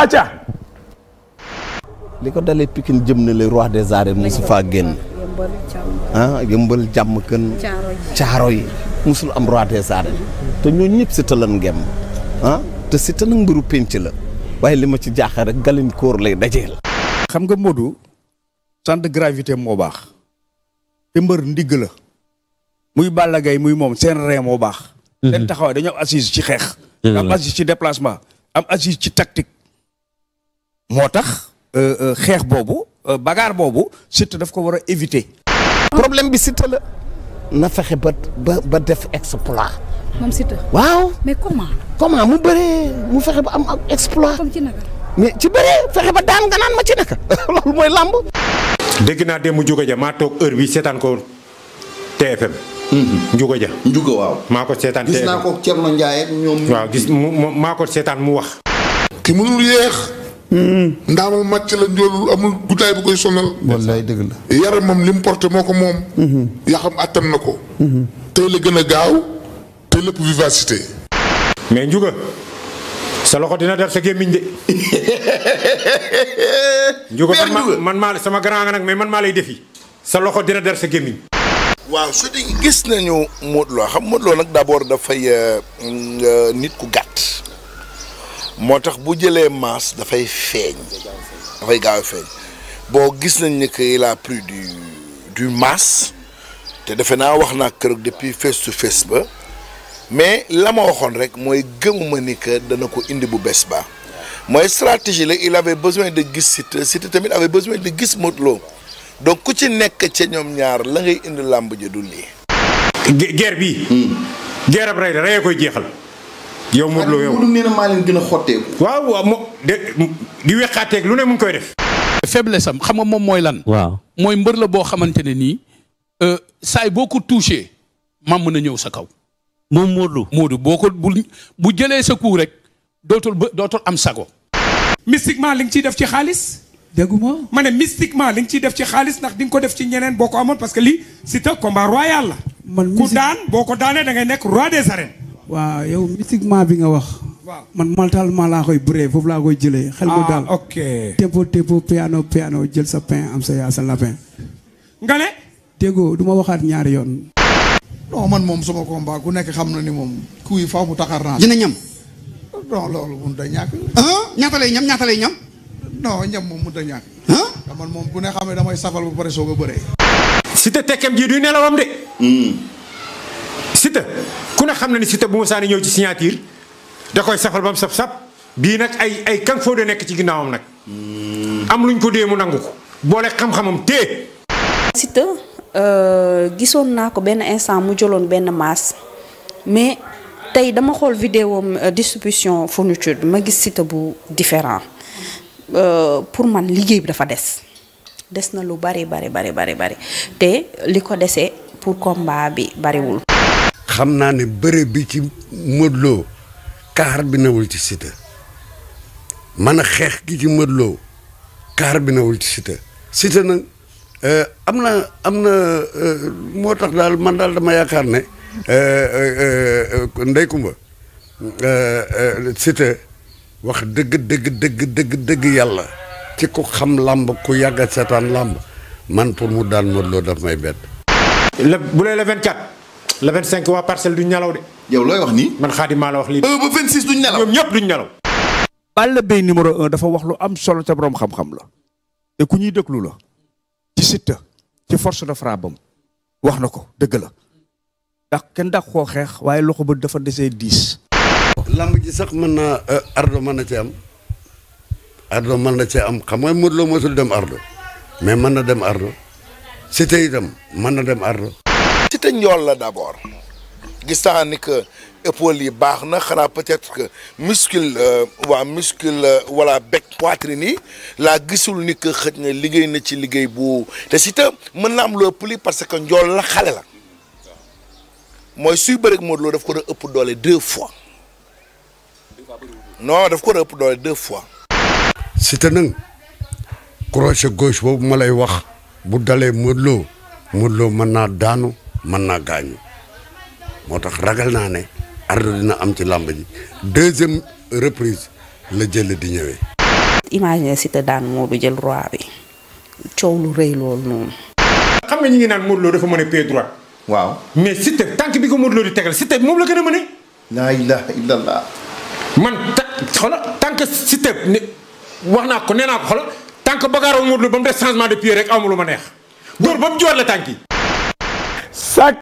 acca li ko dalee pikin jëm na le roi des arènes mosu faa génn ah yëmbal jàmm kën caaro yi mosul am roi des arènes te ñoo ñëpp si talan ngem ah te si ta nag mbiru la waaye li ma ci jaaxal rek gàllankoor lay dajeel xam nga Modou centre de baax te mbër ndigg la muy Balla Gaye muy moom seen ree moo baax mhm. seen taxawaay dañoo am assise ci xeex am assise ci déplacement am assise ci tactique moo tax euh, euh, xeex boobu euh, bagaar boobu Siteu daf ko war a éviter. problème bi Siteu la na fexe ba ba ba def exploit. moom Siteu. waaw mu bëree mu fexe ba am ak exploit. comme ci bëree fexe ba daan nga naan ma ci naka loolu mooy làmb. dégg naa démb Ndiouga Dia maa toog heure bi seetaan ko TFM. Mhm. Ndiouga Dia. Ndiouga waaw. ko seetaan TFM gis naa ko Thierno waaw mu maa ko seetaan mu wax. ki mënul yéex. ndaamal màcc la njoolul amul guddaay bu koy sonal. wallaay dëgg la. yaramam li mu porté moo ko moom. Mhm. yaa xam attan na ko. Mhm. tey la gën a gaaw te lépp vivacité. mais Ndiouga sa loxo dina def sa gémmiñ de. Ndiouga man maa sama grand nga nag mais man maa lay defi sa loxo dina def sa gémmiñ. waaw su di gis nañu Modou Lo xam Modou Lo nag d'abord dafay euh, nit ku gàtt. moo tax bu jëlee masse dafay feeñ dafay gaaw feeñ boo gis nañ ni que il a du du masse te defe naa wax naa keroog depuis face to face ba mais la ma waxoon rek mooy gëmuma ni que dana ko indi bu bees ba mooy stratégie la il avait besoin de gis Siteu Siteu tamit avait besoin de gis Modou donc ku ci nekk ca ñoom ñaar la ngay indi làmb ja du lii guerre bi hmm. guerre ab rey reyee koy jeexal yow Modou Lo yow ak na maa leen gën waaw mo de di weqaateeg lu ne mu koy def. faiblesse am xam nga moom mooy lan. waaw mooy mbër la boo xamante ne nii euh, saay boo ko touché maam mën a ñëw sa kaw. moom Modou Lo. boo ko bu bu jëlee sa coup rek dootul ba dootul am sago. mystiquement li nga ciy def ci xaalis. dégguma ma ne mystiquement li nga ciy def ci xaalis ndax di nga ko def ci ñeneen boo ko amoon parce que lii c'est un combat royal la. man ku daan boo ko daanee da ngay nekk roi des arènes. waa yow mystiquement bi nga wax. waaw man mentalement laa koy bëree foofu laa koy jëlee. xel mu ah, daal tempo tempo piano piano jël sa pain am sa yaa sa lapin. nga ne. déggoo du waxaat ñaari yoon. non man moom sama combat ku nekk xam na ni moom kuy faaw mu taxaar naa. dina ñam. non loolu mun da ñàkk. Ah, ñam moom mun da ñàkk. Ah? moom ku ne xam ne damay safal bu pare soog a bëree. Siteu tekkeem ji du nelawam de. Hmm. Siteu. ku ne xam na ni Siteu bu Moussa ñëw ci signature da koy safal ba saf saf bii nag ay ay kan foo de nekk ci ginnaawam nag. Hmm. am luñ ko dee mu nangu ko. boole xam-xamam tee. Siteu euh, gisoon naa ko benn instant mu jëloon benn maas mais tey dama xool vidéo euh, distribution fourniture bi ma gis Siteu bu différent euh, pour man liggéey bi dafa des. des na lu bari bari bari bari bari te li ko desee pour combat bi bariwul. xam naa ne bëre bi ci Modou Lo kaar bi nawul ci Siteu man a xeex gi ci Modou kaar bi nawul ci Siteu Siteu nag euh, am na am na euh, moo tax daal man daal dama yaakaar ne euh, Ndeye Comba Siteu wax dëgg dëgg dëgg dëgg dëgg yàlla ci ku xam làmb ku yàgga seetaan làmb man pour mu daal Modou Lo daf may bett. le bu dee le 24. le cinq waa parcelle duñ nelaw de. yow looy wax nii. man xaadim maa la wax lii. Euh, ba 26 duñ nelaw ñoom ñëpp duñ nelaw. Balla Gaye numéro 1 dafa wax lu am solo te borom xam-xam la. te ku ñuy déglu la. ci Siteu ci force de frappe am wax na ko dëgg la. ndax kenn dàq koo xeex waaye loxo ba dafa desee diis. lamb ji sax mën na euh, ardo mën na ci am. ardo mën na ci am xam nga Modou Lo mosul dem ardo mais mën na dem ardo Siteu itam mën na dem ardo ci te njool la d'abord gis naa ni que épaules yi baax na xanaa peut-être que muscle euh, waa muscle euh, wala bec poitrine yi laa gisul ni que xëj na liggéey na ci liggéey bu te si te mën na am loo ëpp lii parce que njool la xale la mooy suy bëreeg Modou Lo daf ko doon ëpp doole deux fois non daf fois. si te nag crochet gauche boobu ma lay wax bu dalee Modou Lo Modou Lo mën naa daanu. mën naa gaañu moo tax ragal naa ne Ardo dina am ci làmb ji deuxième reprise la jël di ñëwee. imagine Siteu daan Modou jël roi bi coow lu rëy loolu noonu. xam nga ñu ngi naan Modou Lo dafa mën a pied droit. waaw mais Siteu tànk bi ko Modou Lo di tegal Siteu moom la gën a mën a. laa ilaaha illallah. man ta xoolal tànk Siteu ne wax naa ko nee naa ko xoolal tànk bagaaroo Modou ba mu def changement de pied rek amul lu ma neex. dóor ba mu joor la tànk chaque